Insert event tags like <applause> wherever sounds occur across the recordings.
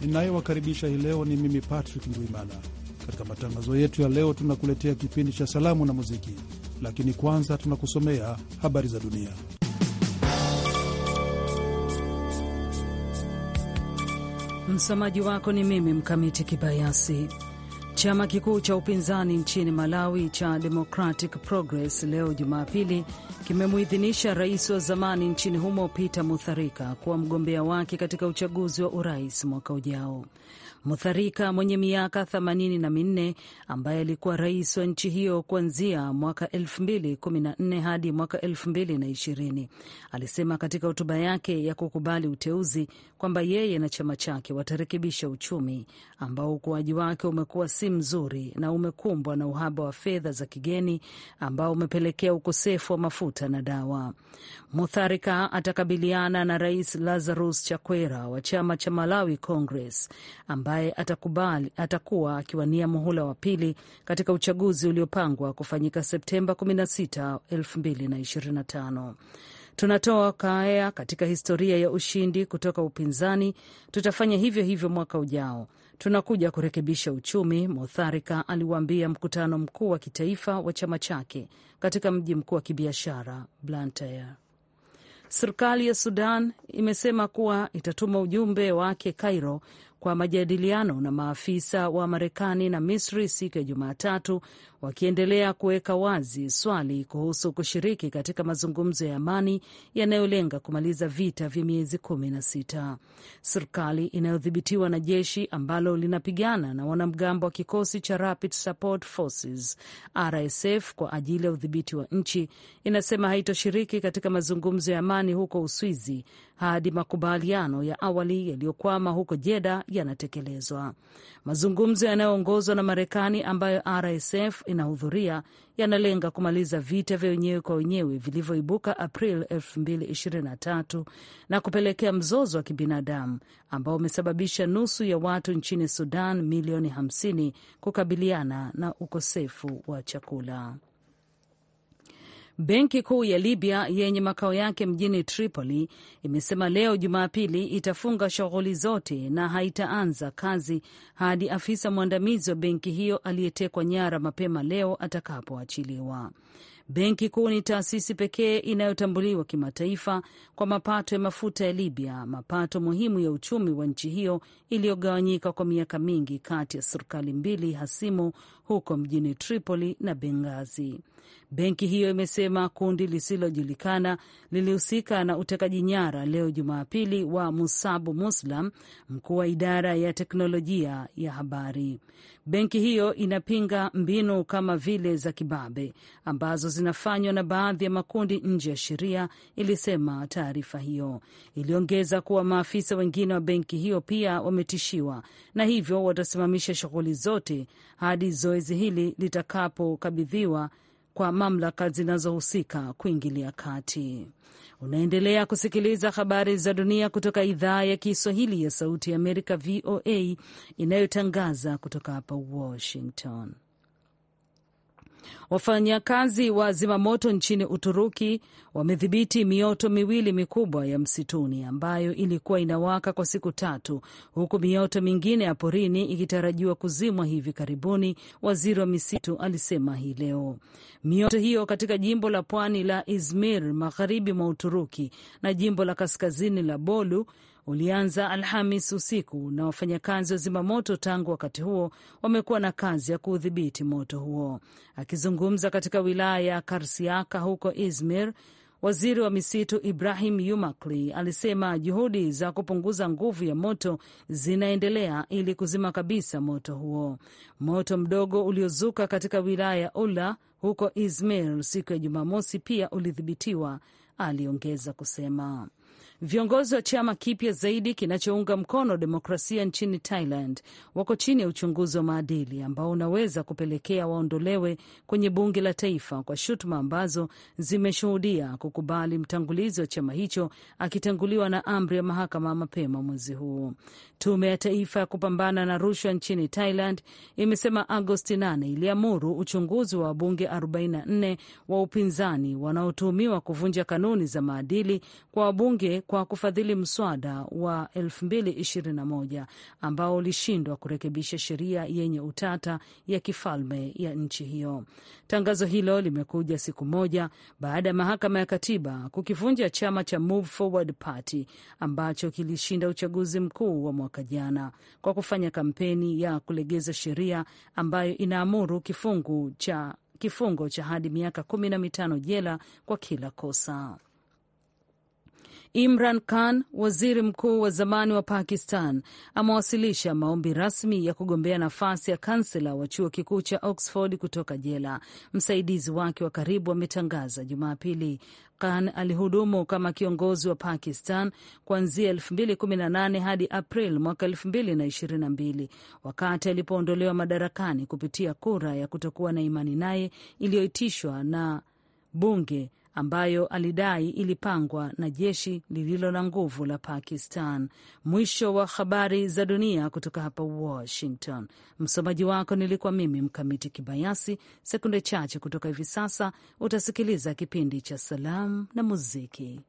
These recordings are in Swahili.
ninayewakaribisha hii leo ni mimi Patrick Ndwimana. Katika matangazo yetu ya leo, tunakuletea kipindi cha salamu na muziki, lakini kwanza tunakusomea habari za dunia. Msomaji wako ni mimi Mkamiti Kibayasi. Chama kikuu cha upinzani nchini Malawi cha Democratic Progress leo Jumapili kimemuidhinisha rais wa zamani nchini humo Peter Mutharika kuwa mgombea wake katika uchaguzi wa urais mwaka ujao. Mutharika mwenye miaka themanini na minne ambaye alikuwa rais wa nchi hiyo kuanzia mwaka 2014 hadi mwaka 2020 alisema katika hotuba yake ya kukubali uteuzi kwamba yeye na chama chake watarekebisha uchumi ambao ukuaji wake umekuwa si mzuri na umekumbwa na uhaba wa fedha za kigeni ambao umepelekea ukosefu wa mafuta na dawa. Mutharika atakabiliana na Rais Lazarus Chakwera wa chama cha Malawi Congress ambaye atakubali, atakuwa akiwania muhula wa pili katika uchaguzi uliopangwa kufanyika Septemba 16, 2025. Tunatoa kaya katika historia ya ushindi kutoka upinzani. Tutafanya hivyo hivyo mwaka ujao. Tunakuja kurekebisha uchumi, Mutharika aliwaambia mkutano mkuu wa kitaifa wa chama chake katika mji mkuu wa kibiashara Blantyre. Serikali ya Sudan imesema kuwa itatuma ujumbe wake Cairo kwa majadiliano na maafisa wa Marekani na Misri siku ya Jumatatu wakiendelea kuweka wazi swali kuhusu kushiriki katika mazungumzo ya amani yanayolenga kumaliza vita vya miezi kumi na sita. Serikali inayodhibitiwa na jeshi ambalo linapigana na wanamgambo wa kikosi cha Rapid Support Forces RSF kwa ajili ya udhibiti wa nchi inasema haitoshiriki katika mazungumzo ya amani huko Uswizi hadi makubaliano ya awali yaliyokwama huko Jeda yanatekelezwa. Mazungumzo yanayoongozwa na Marekani ambayo RSF inahudhuria yanalenga kumaliza vita vya wenyewe kwa wenyewe vilivyoibuka April 2023 na kupelekea mzozo wa kibinadamu ambao umesababisha nusu ya watu nchini Sudan milioni 50 kukabiliana na ukosefu wa chakula. Benki Kuu ya Libya yenye makao yake mjini Tripoli imesema leo Jumapili itafunga shughuli zote na haitaanza kazi hadi afisa mwandamizi wa benki hiyo aliyetekwa nyara mapema leo atakapoachiliwa. Benki Kuu ni taasisi pekee inayotambuliwa kimataifa kwa mapato ya mafuta ya Libya, mapato muhimu ya uchumi wa nchi hiyo iliyogawanyika kwa miaka mingi kati ya serikali mbili hasimu huko mjini Tripoli na bengazi Benki hiyo imesema kundi lisilojulikana lilihusika na utekaji nyara leo Jumapili wa Musabu Muslam, mkuu wa idara ya teknolojia ya habari. Benki hiyo inapinga mbinu kama vile za kibabe ambazo zinafanywa na baadhi ya makundi nje ya sheria, ilisema taarifa hiyo. Iliongeza kuwa maafisa wengine wa benki hiyo pia wametishiwa na hivyo watasimamisha shughuli zote hadi zoezi hili litakapokabidhiwa kwa mamlaka zinazohusika kuingilia kati. Unaendelea kusikiliza habari za dunia kutoka idhaa ya Kiswahili ya Sauti ya Amerika, VOA, inayotangaza kutoka hapa Washington. Wafanyakazi wa zimamoto nchini Uturuki wamedhibiti mioto miwili mikubwa ya msituni ambayo ilikuwa inawaka kwa siku tatu, huku mioto mingine ya porini ikitarajiwa kuzimwa hivi karibuni, waziri wa misitu alisema hii leo. Mioto hiyo katika jimbo la pwani la Izmir magharibi mwa Uturuki na jimbo la kaskazini la Bolu ulianza Alhamis usiku na wafanyakazi wa zimamoto tangu wakati huo wamekuwa na kazi ya kuudhibiti moto huo. Akizungumza katika wilaya ya Karsiaka huko Izmir, Waziri wa misitu Ibrahim Yumakli alisema juhudi za kupunguza nguvu ya moto zinaendelea ili kuzima kabisa moto huo. Moto mdogo uliozuka katika wilaya ya Ula huko Izmir siku ya Jumamosi pia ulidhibitiwa, aliongeza kusema. Viongozi wa chama kipya zaidi kinachounga mkono demokrasia nchini Thailand wako chini ya uchunguzi wa maadili ambao unaweza kupelekea waondolewe kwenye bunge la taifa kwa shutuma ambazo zimeshuhudia kukubali mtangulizi wa chama hicho akitanguliwa na amri ya mahakama mapema mwezi huu. Tume ya Taifa ya Kupambana na Rushwa nchini Thailand imesema Agosti 8 iliamuru uchunguzi wa wabunge 44 wa upinzani wanaotuhumiwa kuvunja kanuni za maadili kwa wabunge kwa kufadhili mswada wa 2021 ambao ulishindwa kurekebisha sheria yenye utata ya kifalme ya nchi hiyo. Tangazo hilo limekuja siku moja baada ya mahakama ya katiba kukivunja chama cha Move Forward Party ambacho kilishinda uchaguzi mkuu wa mwaka jana kwa kufanya kampeni ya kulegeza sheria ambayo inaamuru kifungu cha kifungo cha hadi miaka kumi na mitano jela kwa kila kosa. Imran Khan, waziri mkuu wa zamani wa Pakistan, amewasilisha maombi rasmi ya kugombea nafasi ya kansela wa chuo kikuu cha Oxford kutoka jela, msaidizi wake wa karibu ametangaza Jumapili. Khan alihudumu kama kiongozi wa Pakistan kuanzia 2018 hadi April mwaka 2022 wakati alipoondolewa madarakani kupitia kura ya kutokuwa na imani naye iliyoitishwa na bunge ambayo alidai ilipangwa na jeshi lililo na nguvu la Pakistan. Mwisho wa habari za dunia kutoka hapa Washington. Msomaji wako nilikuwa mimi Mkamiti Kibayasi. Sekunde chache kutoka hivi sasa utasikiliza kipindi cha Salamu na Muziki.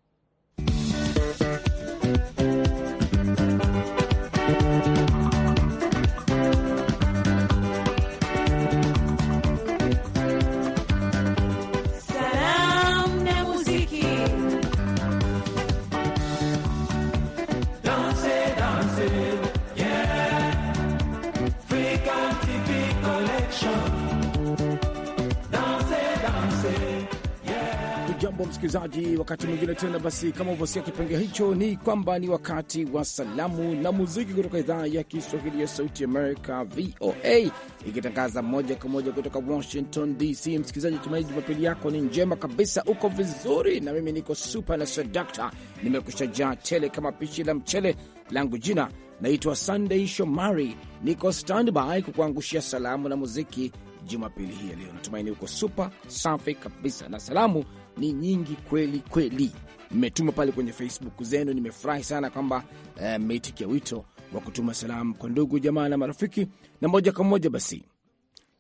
mambo msikilizaji. Wakati mwingine tena basi, kama uvyosikia kipenge hicho, ni kwamba ni wakati wa salamu na muziki kutoka idhaa ya Kiswahili ya Sauti Amerika, VOA, ikitangaza moja kwa moja kutoka Washington DC. Msikilizaji, tumaini jumapili yako ni njema kabisa, uko vizuri, na mimi niko supa na sedakta, nimekushajaa tele kama pishi la mchele langu. Jina naitwa Sunday Shomari, niko standby kukuangushia salamu na muziki Jumapili hii leo, natumaini uko supa safi kabisa na salamu ni nyingi kweli kweli. Mmetuma pale kwenye Facebook zenu, nimefurahi sana kwamba eh, mmeitikia eh, wito wa kutuma salamu kwa ndugu jamaa na marafiki. Na moja kwa moja basi,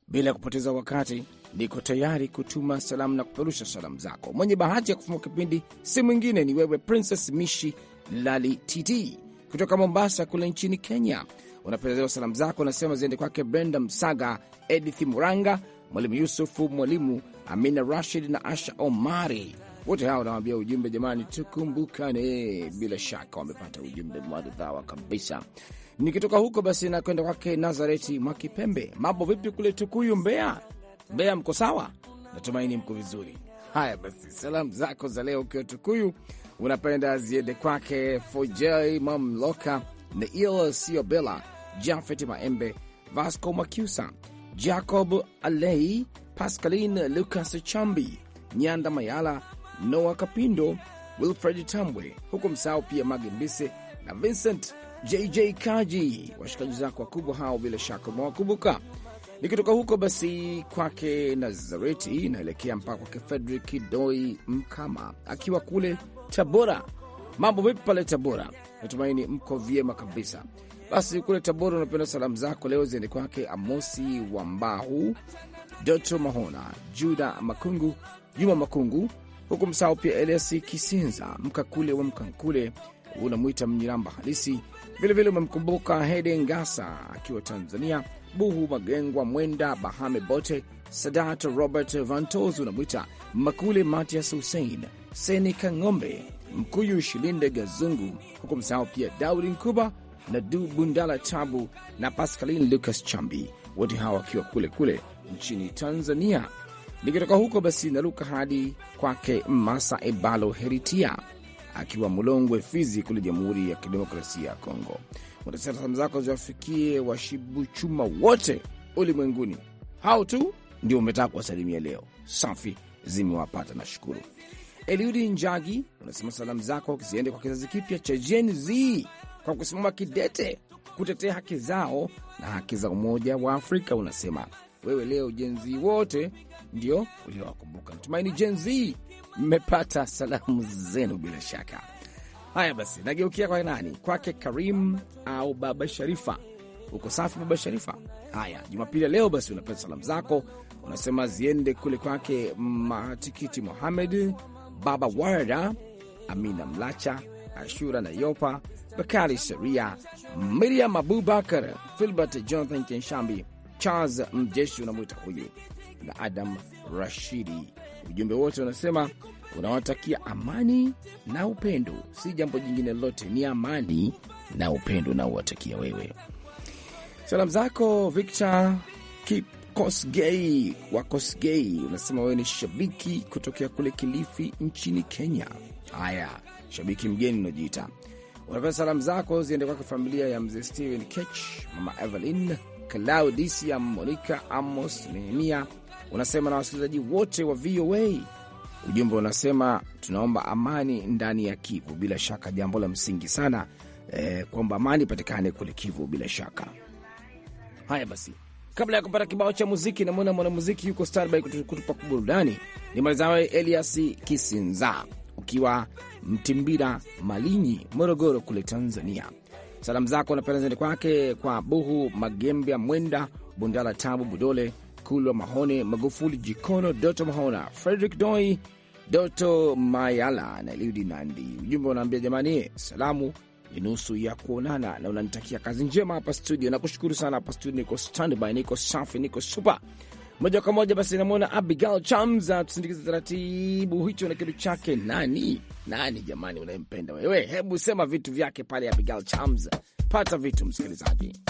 bila ya kupoteza wakati, niko tayari kutuma salamu na kupeperusha salamu zako. Mwenye bahati ya kufungua kipindi si mwingine, ni wewe Princess Mishi Lali TT kutoka Mombasa kule nchini Kenya. Unapeezewa salamu zako, unasema ziende kwake Brenda Msaga, Edith Muranga, Mwalimu Yusufu, Mwalimu Amina Rashid na Asha Omari. Wote hawa wanawambia ujumbe, jamani, tukumbukane. Bila shaka wamepata ujumbe mwadhawa kabisa. Nikitoka huko basi nakwenda kwake Nazareti Mwakipembe. Mambo vipi kule Tukuyu, Mbeya? Mbeya mko sawa? Natumaini mko vizuri. Haya basi, salamu zako za leo ukiwa Tukuyu unapenda ziende kwake Fojei Mamloka, Neil Siobela, Jafet Maembe, Vasco Makiusa Jacob Alei, pascalin Lucas Chambi, Nyanda Mayala, Noah Kapindo, Wilfred Tambwe, huku msahau pia magembise na Vincent JJ Kaji, washikaji zako wakubwa hao, bila shaka umewakumbuka. Nikitoka huko basi kwake Nazareti naelekea mpaka kwake Fredrik Doi Mkama akiwa kule Tabora. Mambo vipi pale Tabora? Natumaini mko vyema kabisa. Basi kule Tabora unapenda salamu zako leo ziende kwake Amosi wa Mbahu, Doto Mahona, Juda Makungu, Juma Makungu, huku msao pia Eliasi Kisinza Mkakule wa Mkankule, unamwita Mnyiramba halisi. Vilevile umemkumbuka Hede Ngasa akiwa Tanzania, Buhu Magengwa, Mwenda Bahame, Bote Sadat, Robert Vantos, unamwita Makule Matias, Hussein Seni Kang'ombe, Mkuyu Shilinde Gazungu, huku msao pia Daudi Nkuba Nadu Bundala Tabu na Pascaline Lucas Chambi, wote hawa wakiwa kule kule nchini Tanzania. Nikitoka huko basi naruka hadi kwake Masa Ebalo Heritia akiwa Mulongwe, Fizi kule Jamhuri ya Kidemokrasia ya Kongo. Unasema salamu zako ziwafikie washibuchuma wote ulimwenguni. Hao tu ndio umetaka kuwasalimia leo. Safi, zimewapata shukuru. Eliudi Njagi unasema salamu zako ziende kwa kizazi kipya cha Gen Z kwa kusimama kidete kutetea haki zao na haki za Umoja wa Afrika. Unasema wewe leo jenzii wote ndio uliowakumbuka. Natumaini jenzii mmepata salamu zenu bila shaka. Haya basi, nageukia kwa nani? Kwake Karim au Baba Sharifa. Uko safi Baba Sharifa? Haya, Jumapili ya leo basi unapata salamu zako, unasema ziende kule kwake Matikiti Mohamed, Baba Warda, Amina Mlacha, Ashura Nayopa, Bakari Seria, Miriam Abubakar, Filbert Jonathan Kenshambi, Charles Mjeshi unamwita huyu na Adam Rashidi. Ujumbe wote unasema unawatakia amani na upendo, si jambo jingine lolote, ni amani na upendo unaowatakia wewe. Salamu zako Victor Kosgei wa Kosgei unasema wewe ni shabiki kutokea kule Kilifi nchini Kenya. Haya, shabiki mgeni unaojiita. Unapenda salamu zako ziende kwake familia ya mzee Stephen Ketch, mama Evelyn, Claudisia, Monica, Amos, Nehemia. Unasema na wasikilizaji wote wa VOA. Ujumbe unasema tunaomba amani ndani ya Kivu, bila shaka jambo la msingi sana eh, kwamba amani ipatikane kule Kivu bila shaka. Haya basi, kabla ya kupata kibao cha muziki, namwona mwanamuziki yuko standby kutupa burudani. Ni mwalizawe Elias Kisinza ukiwa Mtimbira, Malinyi, Morogoro kule Tanzania. Salamu zako napenda zende kwake kwa Buhu Magembya, Mwenda Bundala, Tabu Budole, Kulwa Mahone, Magufuli Jikono, Doto Mahona, Frederick Doi, Doto Mayala na Eliudi Nandi. Ujumbe unaambia jamani, salamu ni nusu ya kuonana, na unanitakia kazi njema hapa studio. Nakushukuru sana, hapa studio niko standby, niko safi, niko super moja kwa moja. Basi namwona Abigail Chams tusindikize taratibu hicho na kitu chake. Nani nani jamani, unayempenda wewe? Hebu sema vitu vyake pale Abigail Chams, pata vitu msikilizaji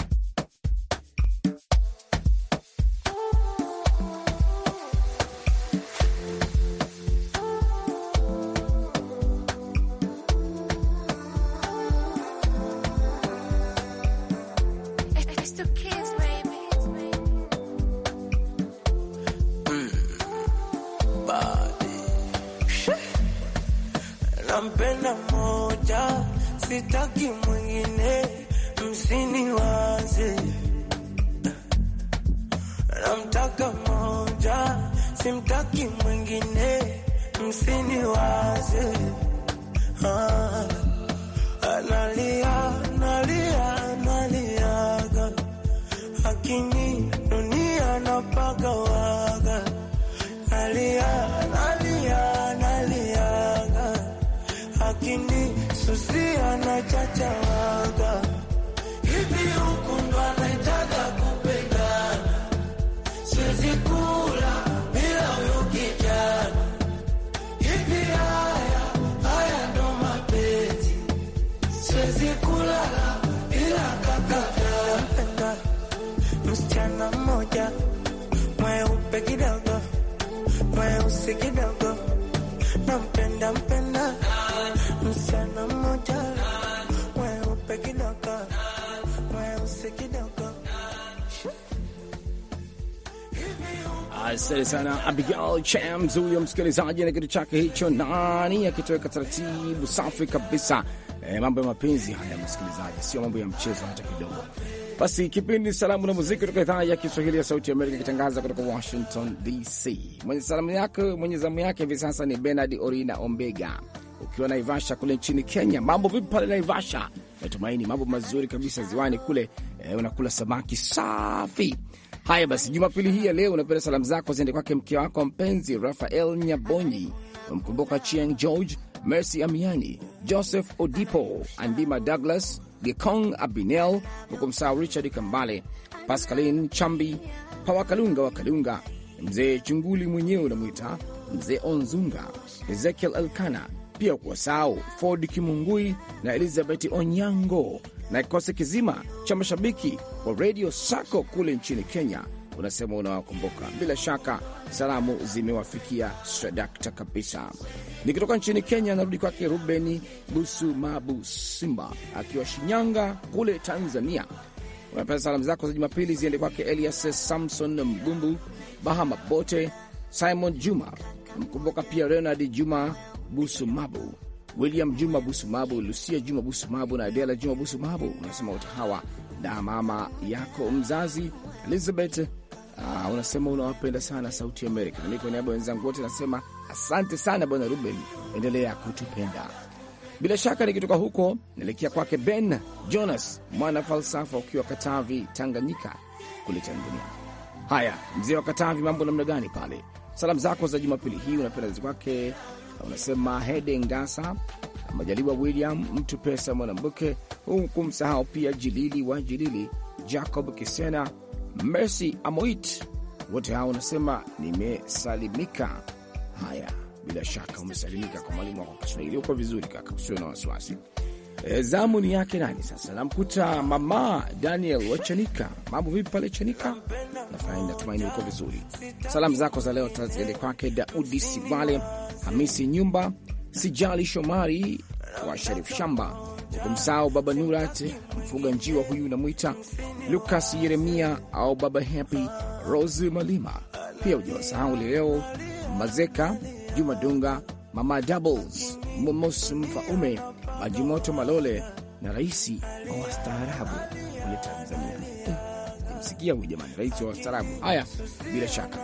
Tusiana chacha Asante sana Abigail Chams, huyo msikilizaji na kitu chake hicho nani, akitoweka taratibu safi kabisa. E, mambo ya mapenzi haya msikilizaji, sio mambo ya mchezo hata kidogo. Basi kipindi salamu na muziki kutoka idhaa ya Kiswahili ya Sauti ya Amerika ikitangaza kutoka Washington DC. Mwenye salamu yake mwenye zamu yake hivi sasa ni Bernard Orina Ombega, ukiwa Naivasha kule nchini Kenya. Mambo vipi pale Naivasha? natumaini mambo mazuri kabisa ziwani kule, eh, unakula samaki safi. Haya basi, jumapili hii ya leo unapenda salamu zako ziende kwake mke wako mpenzi Rafael Nyabonyi, umkumbuka Chieng George, Mercy Amiani, Joseph Odipo, Andima Douglas, Gekong Abinel, huku Richard Kambale, Pascalin Chambi, Pawakalunga wa Kalunga, mzee Chunguli mwenyewe unamwita mzee Onzunga, Ezekiel Elkana pia kuwasahau Ford Kimungui na Elizabeth Onyango na kikosi kizima cha mashabiki wa Radio Sako kule nchini Kenya. Unasema unawakumbuka. Bila shaka salamu zimewafikia sadakta kabisa. Nikitoka nchini Kenya, narudi kwake Ruben Mabu Simba akiwa Shinyanga kule Tanzania. Unapea salamu zako za Jumapili ziende kwake Elias Samson Mgumbu Bahama Bote, Simon Juma, namkumbuka pia Renard Juma Busumabu, William Juma Busumabu, Lucia Juma Busumabu na Adela Juma Busumabu. Unasema wote hawa na mama yako mzazi Elizabeth. Aa, ah, unasema unawapenda sana Sauti Amerika, nami kwa niaba wenzangu wote nasema asante sana bwana Ruben, endelea kutupenda. Bila shaka nikitoka huko naelekea kwake Ben Jonas, mwana falsafa, ukiwa Katavi, Tanganyika kule Tanzania. Haya, mzee wa Katavi, mambo namna gani pale? Salamu zako za Jumapili hii unapenda kwake unasema Hede Ngasa, Majaliwa William mtu pesa Mwanambuke, huku msahau pia Jilili wa Jilili, Jacob Kisena, Mercy Amoit, wote hao unasema nimesalimika. Haya, bila shaka umesalimika kwa mwalimu wako Kiswahili, uko vizuri kaka, usio na wasiwasi. Eh, zamu ni yake nani sasa? Namkuta mama Daniel Wachanika, mambo vipi pale Chanika? Nafurahi, natumaini uko vizuri. Salamu zako za leo taziende kwake Daudi Sibale, Hamisi Nyumba, Sijali Shomari wa Sharif Shamba, ukumsahau Baba Nurat Mfuga Njiwa, huyu namwita Lukas Yeremia au Baba Happy Rose Malima. Pia ujawasahau leo Mazeka Juma Dunga, Mama Doubles, Mumos Mfaume, Majimoto Malole na raisi wa wastaarabu kule Tanzania. Msikia huyu jamani, rais wa wastaarabu. Haya, bila shaka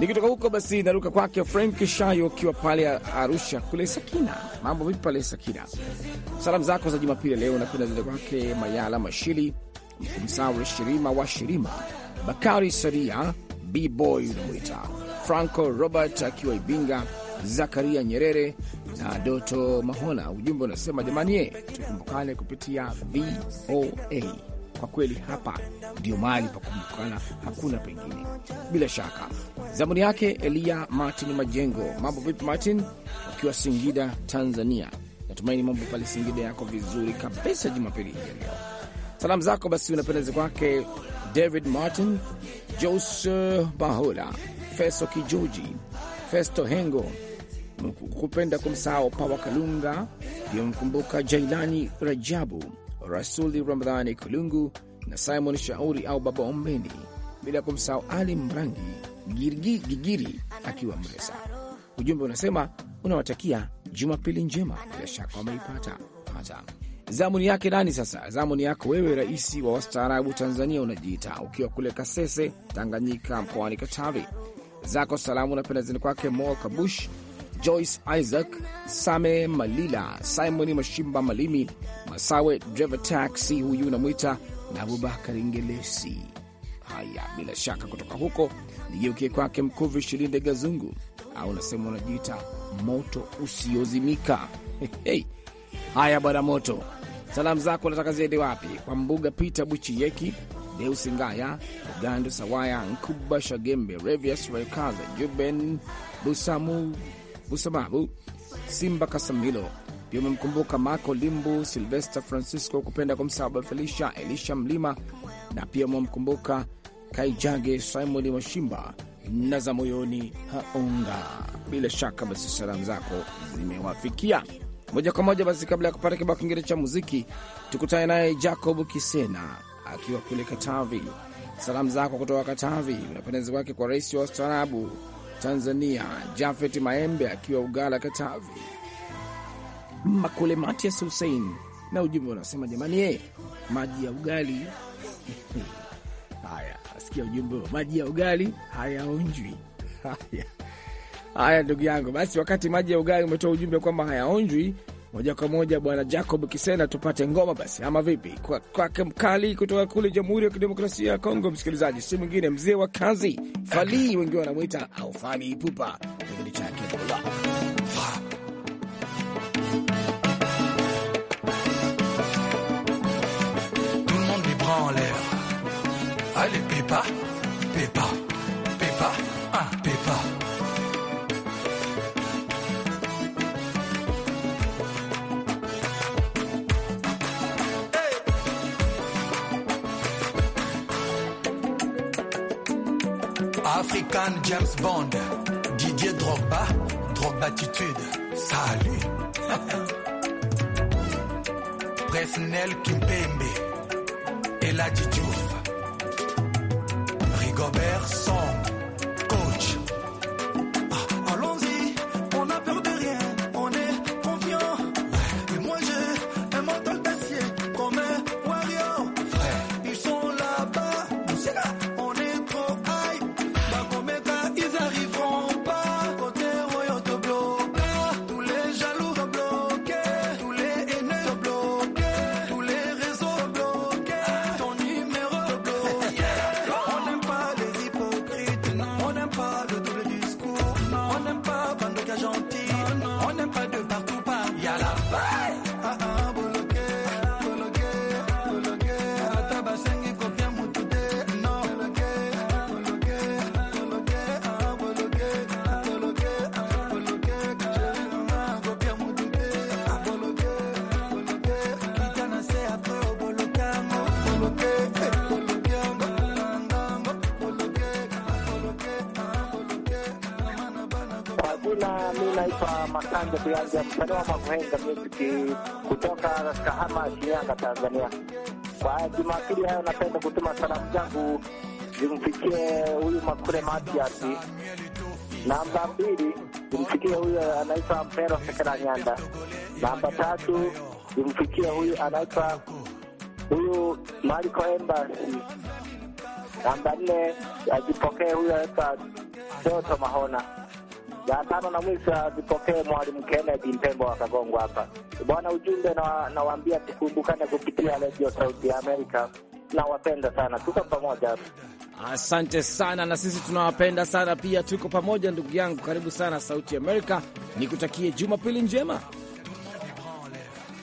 nikitoka huko basi naruka kwake Frank Shayo akiwa pale Arusha kule Sakina. Mambo vipi pale Sakina? Salamu zako za Jumapili leo napenda zile kwake Mayala Mashili, Mkumsawe Shirima wa Shirima, Bakari Saria, Bboy unamwita Franco Robert akiwa Ibinga, Zakaria Nyerere na Doto Mahona. Ujumbe unasema jamani, eh, tukumbukane kupitia VOA kwa kweli hapa ndio mahali pa kumbukana, hakuna pengine. Bila shaka zamuni yake Elia Martin Majengo. Mambo vipi Martin, ukiwa Singida Tanzania? Natumaini mambo pale Singida yako vizuri kabisa. Jumapili hii leo salamu zako basi unapendeza kwake David Martin, Jose Bahola, Feso Kijoji, Festo Hengo, kupenda kumsahau Pawa Kalunga, pia mkumbuka Jailani Rajabu Rasuli Ramadhani Kulungu na Simon Shauri au Baba Ombeni, bila kumsahau Ali Mrangi Gigiri, Gigiri akiwa Mresa. Ujumbe unasema unawatakia jumapili njema, bila shaka wameipata pata. Zamuni yake nani sasa? Zamuni yako wewe, rais wa wastaarabu Tanzania unajiita, ukiwa kule Kasese, Tanganyika, mkoani Katavi. Zako salamu napenda zini kwake Mo Kabush, Joyce Isaac, Same Malila, Simoni Mashimba Malimi, Masawe Driver Taxi huyu unamwita na Abubakar Ingelesi. Haya, bila shaka kutoka huko nigeukie kwake Mkuvi Shilinde Gazungu, au unasema unajiita moto usiozimika. Hey, <laughs> hey. Haya bwana moto, salamu zako nataka ziende wapi? Kwa Mbuga Pita buchiyeki Yeki Deus Ngaya Ugando Sawaya Nkuba Shagembe Revius Rekaza, Juben Busamu Busamabu Simba Kasamilo pia umemkumbuka Marco Limbu, Silvester Francisco, kupenda kwa msaba Felicia Elisha Mlima, na pia umemkumbuka Kaijage Simoni Washimba na za moyoni Haonga. Bila shaka basi salamu zako zimewafikia moja kwa moja. Basi kabla ya kupata kibao kingine cha muziki, tukutane naye Jacob Kisena akiwa kule Katavi. Salamu zako kutoka Katavi unapendezi wake kwa rais wa ustaarabu Tanzania Jafet Maembe akiwa Ugala Katavi Makule Matias Hussein na ujumbe unasema jamani, e maji ya ugali <laughs> haya. Asikia ujumbe wa maji ya ugali hayaonjwi. <laughs> Haya, ndugu yangu, basi wakati maji ya ugali umetoa ujumbe kwamba hayaonjwi moja kwa moja, bwana Jacob Kisena, tupate ngoma basi, ama vipi? Kwake kwa mkali kutoka kule Jamhuri ya Kidemokrasia ya Kongo, msikilizaji si mwingine mzee wa kazi Falii, wengi wanamwita au Fali kipindi chake en l'air. Allez, Peppa Pépa, Peppa ah, hein, Pépa. African James Bond, Didier Drogba, attitude, salut. <laughs> Presnel Kimpembe. Bella Juju. Makanja Kuyanja, Msaloma Mhenga Muziki kutoka Kahama, Shinyanga, Tanzania. Kwa Jumapili hayo, napenda kutuma salamu zangu zimfikie huyu Makule Matiasi. Namba mbili zimfikie huyu anaitwa Mpero Sekela Nyanda. Namba tatu zimfikie huyu anaitwa huyu Mariko Embassy. Namba nne ajipokee huyu anaitwa Doto Mahona ya tano na mwisho azipokee Mwalimu Kennedy Mpembo wa Kagongwa hapa bwana. Ujumbe nawaambia na tukumbukane kupitia redio Sauti ya Amerika. Nawapenda sana, tuko pamoja. Asante sana, na sisi tunawapenda sana pia, tuko pamoja ndugu yangu. Karibu sana Sauti Amerika, nikutakie Jumapili njema.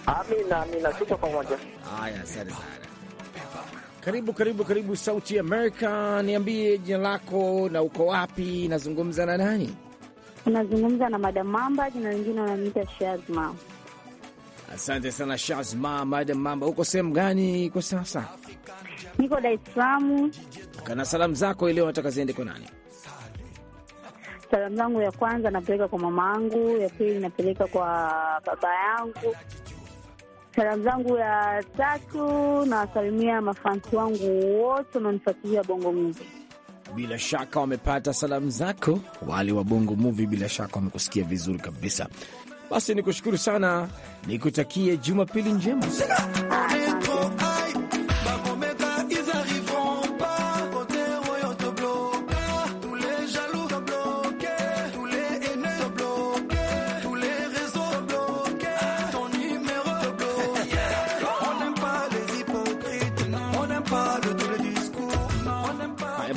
Amina, amina, tuko pamoja. Haya, asante sana. Karibu, karibu, karibu Sauti Amerika. Niambie jina lako na uko wapi, nazungumza na nani? Unazungumza na Madam Mamba, jina lingine wananiita Shazma. Asante sana Shazma. Madam Mamba, huko sehemu gani kwa sasa? Niko Dar es Salaam. Kana salamu zako ileo nataka ziende kwa nani? Salamu zangu ya kwanza napeleka kwa mama yangu, ya pili napeleka kwa baba yangu. Salamu zangu ya tatu nawasalimia mafansi wangu wote wanaonifuatilia Bongo Muziki. Bila shaka wamepata salamu zako, wale wa Bongo Movie bila shaka wamekusikia vizuri kabisa. Basi nikushukuru sana, nikutakie jumapili njema.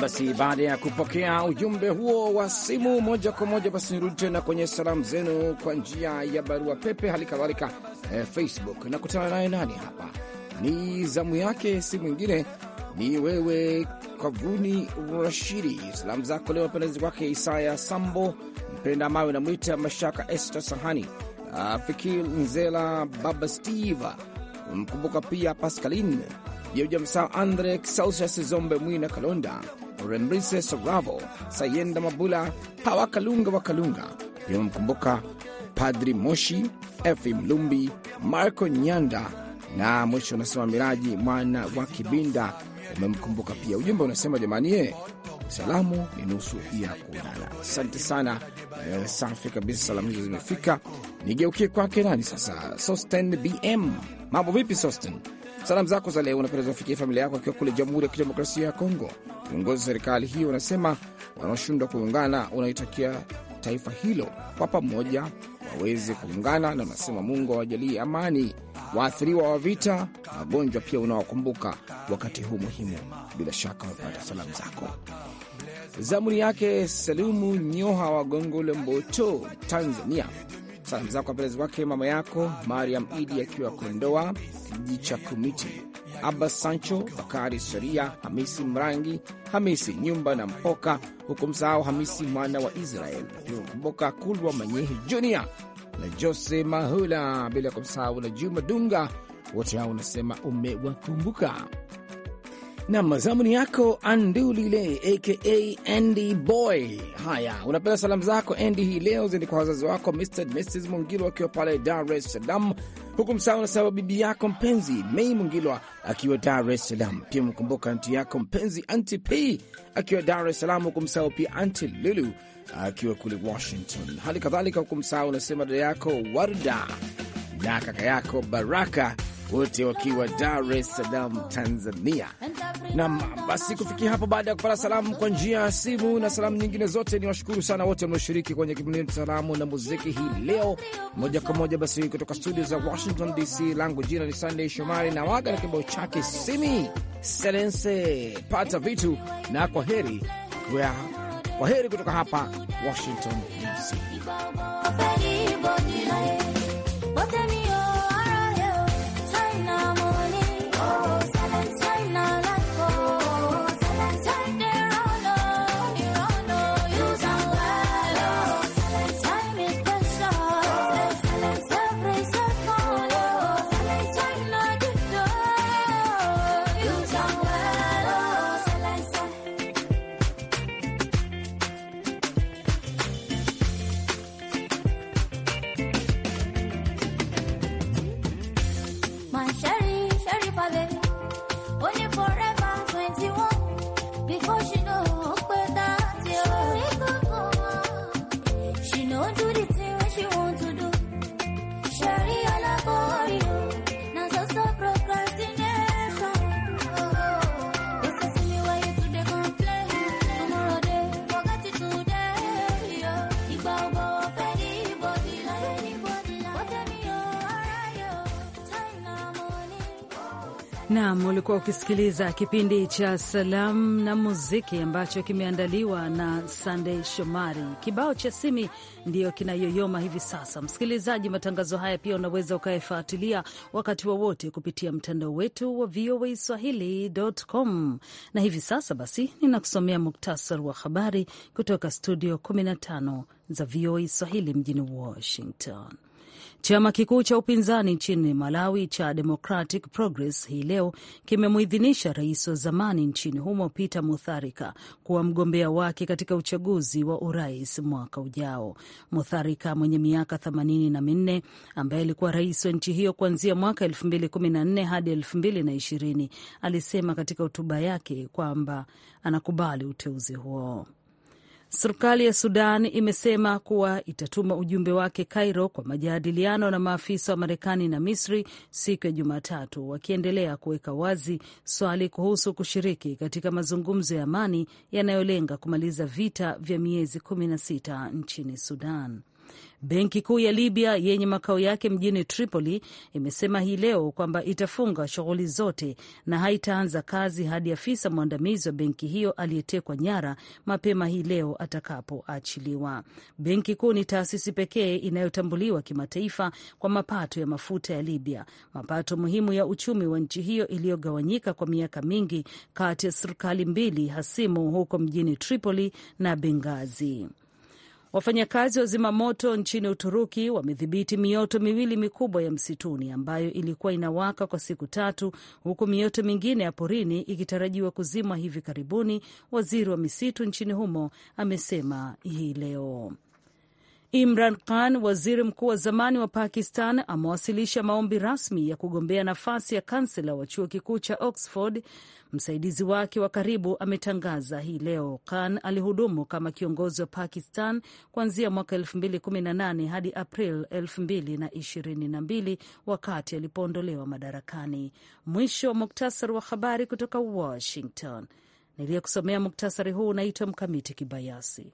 Basi baada ya kupokea ujumbe huo wa simu moja kwa moja, basi nirudi tena kwenye salamu zenu kwa njia ya barua pepe, hali kadhalika eh, Facebook. Nakutana naye nani hapa? Ni zamu yake, si mwingine ni wewe Kavuni Rashidi. Salamu zako leo pendezi kwake Isaya Sambo Mpenda Mawe, namwita Mashaka Esta Sahani Afiki Nzela, Baba Steve mkumbuka pia Pascaline Jeuja Msaa, Andre Sausias Zombe Mwina Kalonda Remrise Soravo, Sayenda Mabula, Pawakalunga wa Kalunga. Pia wamemkumbuka Padri Moshi, Efi Mlumbi, Marco Nyanda na mwisho unasema Miraji mwana wa Kibinda umemkumbuka pia. Ujumbe unasema jamani, ye eh, salamu ni nusu ya kuonana. Asante sana. E, safi kabisa, salamu hizo zimefika. Nigeukie kwake nani sasa? Sosten BM, mambo vipi Sosten? Salamu zako za leo unapenda zafikia familia yako akiwa kule Jamhuri ya Kidemokrasia ya Kongo. Viongozi wa serikali hiyo wanasema wanaoshindwa kuungana, unaitakia taifa hilo kwa pamoja waweze kuungana, na unasema Mungu awajalie amani. Waathiriwa wa vita, magonjwa pia unawakumbuka wakati huu muhimu. Bila shaka wamepata salamu zako. Zamuni yake Salumu Nyoha wa Gongo Mboto, Tanzania salamu zako wapelezi wake mama yako Mariam Idi akiwa Kondoa kijiji cha Kumiti, Abbas Sancho, Bakari Sharia, Hamisi Mrangi, Hamisi Nyumba na Mpoka, huku msahau Hamisi mwana wa Israel kumbuka Kulwa Manyehi Junior na Jose Mahula, bila kumsahau na Juma Dunga, wote hao unasema umewakumbuka. Nam, zamuni yako Andulile aka Andy Boy. Haya, unapenda salamu zako Andy hii leo zini kwa wazazi wako Mr Mrs Mungilwa akiwa pale Dar es Salaam, huku msaa unasema bibi yako mpenzi Mei Mungilwa akiwa Dar es Salaam. Pia umekumbuka anti yako mpenzi Anti P akiwa Dar es Salaam, huku msaa pia Anti Lulu akiwa kule Washington. Hali kadhalika huku msaa unasema dada yako Warda na kaka yako Baraka wote wakiwa Dar es Salaam, Tanzania. Nam basi, kufikia hapo, baada ya kupata salamu kwa njia ya simu na salamu nyingine zote, ni washukuru sana wote mlioshiriki kwenye kipindi cha salamu na muziki hii leo moja kwa moja. Basi kutoka studio za Washington DC, langu jina ni Sandey Shomari na waga na kibao chake simi selense pata vitu na kwa heri, kwa, kwa heri kutoka hapa Washington DC. ulikuwa ukisikiliza kipindi cha salamu na muziki ambacho kimeandaliwa na Sandey Shomari. Kibao cha Simi ndiyo kinayoyoma hivi sasa. Msikilizaji, matangazo haya pia unaweza ukayafuatilia wakati wowote wa kupitia mtandao wetu wa VOA Swahili.com. Na hivi sasa basi, ninakusomea muktasar wa habari kutoka studio 15 za VOA Swahili mjini Washington. Chama kikuu cha upinzani nchini Malawi cha Democratic Progress hii leo kimemuidhinisha rais wa zamani nchini humo Peter Mutharika kuwa mgombea wake katika uchaguzi wa urais mwaka ujao. Mutharika mwenye miaka themanini na minne ambaye alikuwa rais wa nchi hiyo kuanzia mwaka elfu mbili kumi na nne hadi elfu mbili na ishirini alisema katika hotuba yake kwamba anakubali uteuzi huo. Serikali ya Sudan imesema kuwa itatuma ujumbe wake Cairo kwa majadiliano na maafisa wa Marekani na Misri siku ya Jumatatu, wakiendelea kuweka wazi swali kuhusu kushiriki katika mazungumzo ya amani yanayolenga kumaliza vita vya miezi 16 nchini Sudan. Benki Kuu ya Libya yenye makao yake mjini Tripoli imesema hii leo kwamba itafunga shughuli zote na haitaanza kazi hadi afisa mwandamizi wa benki hiyo aliyetekwa nyara mapema hii leo atakapoachiliwa. Benki Kuu ni taasisi pekee inayotambuliwa kimataifa kwa mapato ya mafuta ya Libya, mapato muhimu ya uchumi wa nchi hiyo iliyogawanyika kwa miaka mingi kati ya serikali mbili hasimu huko mjini Tripoli na bengazi Wafanyakazi wa zimamoto nchini Uturuki wamedhibiti mioto miwili mikubwa ya msituni ambayo ilikuwa inawaka kwa siku tatu, huku mioto mingine ya porini ikitarajiwa kuzimwa hivi karibuni. Waziri wa misitu nchini humo amesema hii leo. Imran Khan, waziri mkuu wa zamani wa Pakistan, amewasilisha maombi rasmi ya kugombea nafasi ya kansela wa chuo kikuu cha Oxford. Msaidizi wake wa karibu ametangaza hii leo. Khan alihudumu kama kiongozi wa Pakistan kuanzia mwaka 2018 hadi April 2022 wakati alipoondolewa madarakani. Mwisho wa muktasari wa habari kutoka Washington. Niliyekusomea muktasari huu unaitwa Mkamiti Kibayasi.